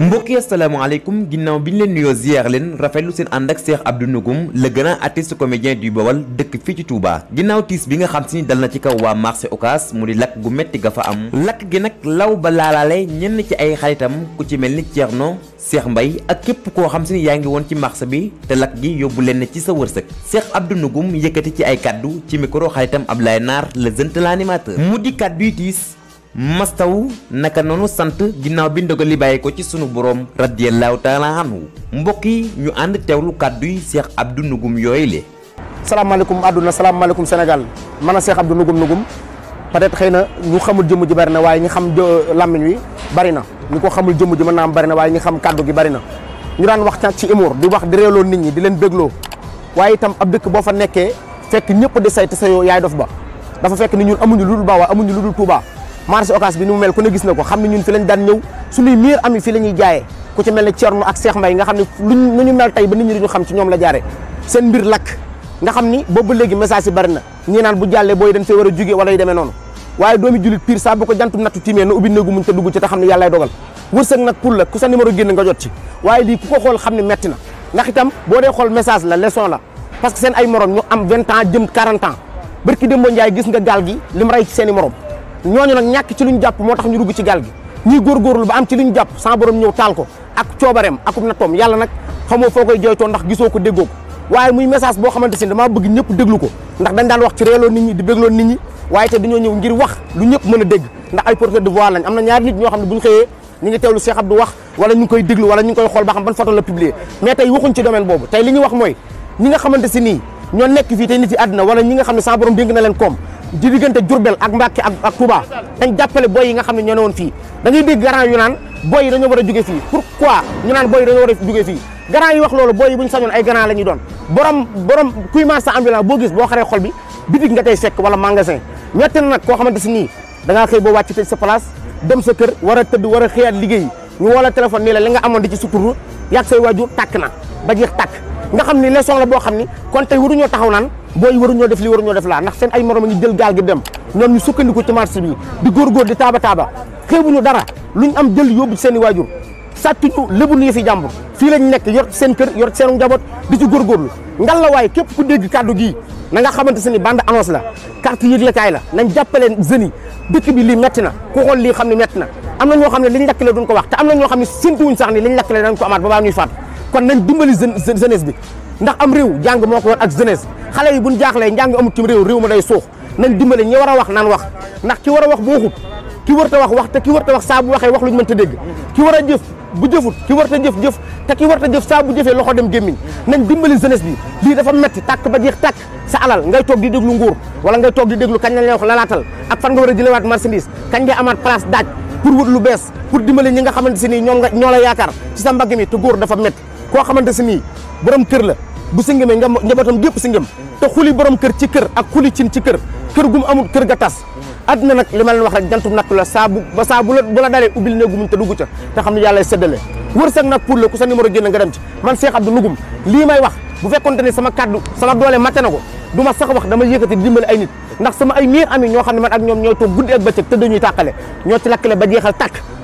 mbokk yi asalaamaaleykum ginnaaw bi ñu leen nuyoo ziar leen rafetlu seen ànd ak Cheikh Abdou Nougoum le grand artiste comédien du Bawal dëkk fii ci Touba ginnaaw tiis bi nga xam si ni dal na ci kaw waa marché Ocass mu di lakk gu métti ga am lakk gi nag law ba laalaale ñenn ci ay xaritam ku ci mel ni Thierno Cheikh Mbaye ak képp koo xam si ni yaa ngi woon ci marché bi te lakk gi yóbbu leen ci sa wërsëg Cheikh Abdou Nougoum yëkkati ci ay kàddu ci micro xaritam Ablaye Naar le jeune l'animateur mu di kaddu yi mastaw naka noonu sant ginnaaw bi ndogal li bàyyi ko ci sunu boroom radiyallahu taala anhu mbokk yi ñu ànd teewlu kàddu yi Cheikh Abdou Nougoum yooyu le salaamaaleykum àdduna salaamaaleykum Sénégal man a Cheikh Abdou Nougoum Nougoum peut-être xëy na ñu xamul jëmm ji bari na waaye ñu xam làmmiñ wi bari na ñu ko xamul jëmm ji mën na am bari na waaye ñu xam kàddu gi bari na ñu daan wax ci humour di wax di reeloo nit ñi di leen bégloo waaye itam ab dëkk boo fa nekkee fekk ñëpp di say te yaay dof ba dafa fekk ni ñun amuñu lu amuñu lu dul Touba marché Ocass bi ni mu mel ku a gis na ko xam ne ñun fi lañ am ne Thierno ak ñu mel tey ba nit ñi xam ci ñoom la jaare seen mbir lakk nga xam ni boobu léegi message yi bari na ñii bu jàllee booy dañ fee war a jugee wala yu demee noonu waaye doomi julit pire saa ko jantu nattu timee na ubbi néegu muñ te dugg ci te xam ne yàllaay dogal wërsëg nag pour la ku sa numéro génn nga jot ci waaye lii ku ko xool xam ne metti na ndax itam boo dee xool message la leçon la parce que seen ay morom ñu am 20 ans jëm 40 ans barki nga gaal gi lim ray ci seen i morom ñooñu nag ñàkk ci lu ñu jàpp moo tax ñu dugg ci gaal gi ñuy góorgóorlu ba am ci luñ jàpp sans borom ñëw taal ko ak coobareem akum nattoom yàlla nag xamoo foo koy jooytoo ndax gisoo ko déggoo ko waaye muy message boo xamante si damaa bëgg ñëpp déglu ko ndax dañ daan wax ci reeloo nit ñi di bégloon nit ñi waaye te dañoo ñëw ngir wax lu ñëpp mën a dégg ndax ay porteur de voix lañ am na ñaari nit ñoo xam ne bu ñu xëyee ñu ngi teewlu Cheikh Abdou wala ñu ngi koy déglu wala ñu ngi koy xool ba xam ban photo la publier tey li ñuy wax mooy ñi nga xamante si nii ñoo nekk fii te nit yi àddina wala ñi nga xam ne sa borom dénk na leen koom di diggante Diourbel ak Mbacke ak ak Touba dañ jàppale boy yi nga xam ne ñoo ne woon fii da ngay dégg garant yu naan boy yi war a jóge fii pourquoi ñu naan boy yi dañoo war a jóge fii garant yi wax loolu boy yi bu ñu sañoon ay garant la ñuy doon borom borom kuy marché ambulant boo gis boo xaree xol bi bitig nga tey fekk wala magasin ñetti na nag koo xamante si nii da xëy boo wàcc tëj sa place dem sa kër war a tëdd war a liggéey ñu woo la la li nga amoon di ci suturu yàgg say waajur tàkk na ba jeex tàkk nga xam ni leçon la boo xam ni kon tey waruñoo taxaw naan booy waruñoo def li waruñoo def la ndax seen ay morom ngi jël gaal gi dem ñoom ñu sukkandiku ci marché bi di góorgóor di taaba taaba am jël yóbbu seen i waajur sàccuñu lébuñu yëfi jàmbur fii lañ nekk yor seen kër yor seen njaboot di ci góorgóorlu ngal la waaye képp ku dégg kàddu gi na nga xamante se ni bande annonce la carte yëglekaay la nañ jàppaleen jeunes yi dëkk bi metti na ku xool lii xam ne metti na am na ñoo xam ne liñ lakkale duñ ko wax te am na kon nañ dimbali jeunesse bi ndax am réew jàng moo ko war ak jeunesse xale yi buñ jaaxlee njàng amut ci réew réew ma day suux nañ dimbali ñi war a wax naan wax ndax ki war a wax boo xut ki war ta wax wax te ki war ta wax saa bu waxee wax luñ mënta dégg ki war a jëf bu ki war ta jëf jëf te ki war ta jëf saa bu jëfee loxo dem gémmiñ nañ dimbali jeunesse bi lii dafa metti tàkk ba jeex tàkk sa alal ngay toog di déglu nguur wala ngay toog di déglu kañ lañ lay wax lalaatal ak fan nga war a jëlewaat marchandise kañ ngay amaat place daaj pour wut ñi nga xamante si nii ñoom nga ñoo la yaakaar ci sa mi te góor dafa metti koo xamante si nii borom kër la bu singëmee nga njabootam gépp singëm te xuli borom kër ci kër ak kuli cin ci kër kër gum amul kër ga tas àdduna nag li ma wax rek jantum nattu la saa bu ba saa bu la bu la dalee ubbil néegu muñ te dugg ca te xam ne yàlla séddale wërsëg nag pour la ku sa numéro génn nga dem ci man Cheikh Abdou Nougoum lii may wax bu fekkonte ne sama kàddu sama doole matte na ko du ma sax wax dama yëkkati dimbali ay nit ndax sama ay miir ami ñoo xam ne man ak ñoom ñooy toog guddi ak bëccëg te tàqale ñoo ci lakkale ba jeexal tàkk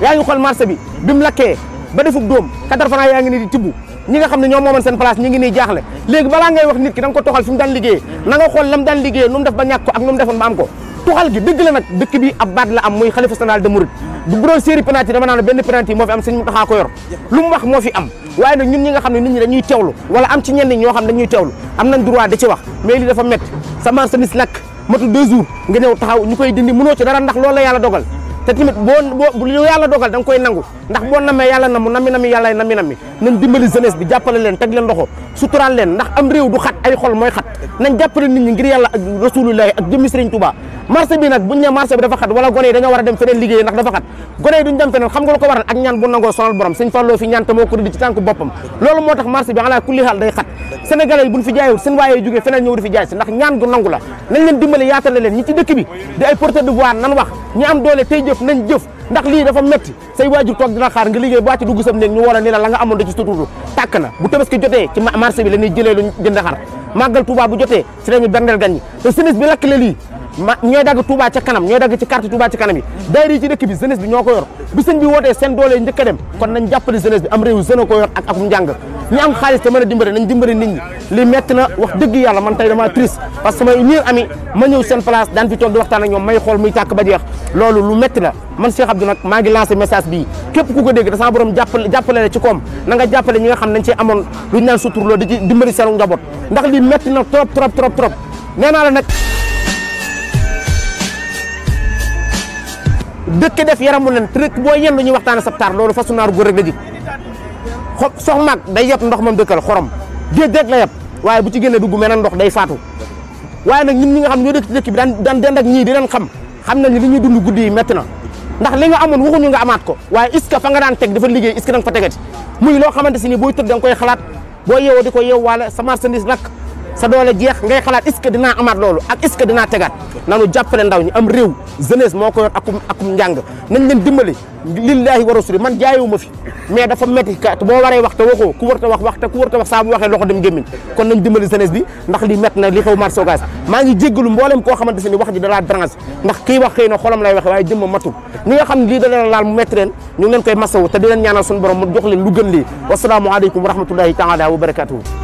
yaa ngi xool marché bi bi mu lakkee ba defub dóom quatre francs yaa ngi nii di tibb ñi nga xam ne ñoo moomoon seen place ñi ngi nii jaaxle léegi balaa ngay wax nit ki da ko toxal fi dëgg la nag dëkk bi ab la am muy xalifa général de Mouride bu nag matul deux jours nga ñëw taxaw ñu koy dindi mënoo ci dara ndax loolu la dogal te tamit boo boo yàlla dogal da nga koy nangu ndax boo namee yàlla namu nami nami yàlla nami nami nañ dimbali jeunesse bi jàppale leen teg leen loxo suturaal leen ndax am réew du xat ay xol mooy xat nañ jàppale nit ñi ngir yàlla ak rasulullahi ak jëmmi Sëriñ Tuubaa marché bi nag buñ ne marché bi dafa xat wala gone yi dañoo war a dem feneen liggéey ndax dafa xat gone yi duñ dem feneen xam nga ko waral ak ñaan bu nangoo sonal borom suñ fàlloo fi ñaan tamoo ko di si ndax ñaan gu nangu lii dafa metti na bu tabaski jotee ci marché bi la ñuy jëlee lu jënd xar màggal Tuuba bu jotee si lañu berndeel gan ñi te sinis bi lakk la lii ma ñooy dagg Touba ca kanam ñooy dagg ci carte Touba ci kanam yi daayira yi ci dëkk bi jeunesse bi ñoo ko bi sëñ bi wootee seen doole yi a dem kon nañ jàppale jeunesse bi am réew jeune ko akum njàng ñu am a dimbale nañ dimbale nit ñi na wax dëgg yàlla man tey dama triste parce que may ñii ami ma ñëw seen place daan fi toog di waxtaan ak ñoom may xool muy tàkk ba jeex loolu lu metti la man Cheikh Abdou nag maa ngi lancé message bii képp ku ko dégg da sama borom jàppale jàppale la ci koom na nga jàppale ñi nga xam nañ ci amoon luñ naan suturloo di ci dimbali na dëkk def yaram mu te rek boo yendu ñu waxtaane sab taar loolu fasu naaru góor rek la sox maag day yab ndox mam dëkkal xorom géej rek la yab waaye bu ci génne dugg meneen ndox day faatu waaye nag ñun ñi nga xam ñoo dëkk ci dëkk bi daan daan dend ak ñii leen xam xam nañ li ñuy dund guddi métti na ndax li nga amoon waxuñu nga amaat ko waaye est fa nga daan teg dafa liggéey est-ce que da muy loo xamante si ni boo teg da nga koy xalaat boo yeewoo di ko yeew waale sa marchandise lakk sa doole jeex ngay xalaat est-ce que dinaa amaat loolu ak est-ce que dinaa tegaat nanu jàppale ndaw ñi am réew jeunesse moo ko akum akum njàng nañ leen dimbali lillaahi wa rasuli man jaayuma fi mais dafa métti ka boo waree wax war ta wax wax ku war ta wax saa bu waxee loxo dem gémmiñ kon nañ dimbali jeunesse bi ndax li métti na li xew marché maa ngi jéggalu mboolem koo xamante ne wax ji dalaa branche ndax kii wax xëy na xolam lay waxe waaye jëmma matul ñi nga xam ne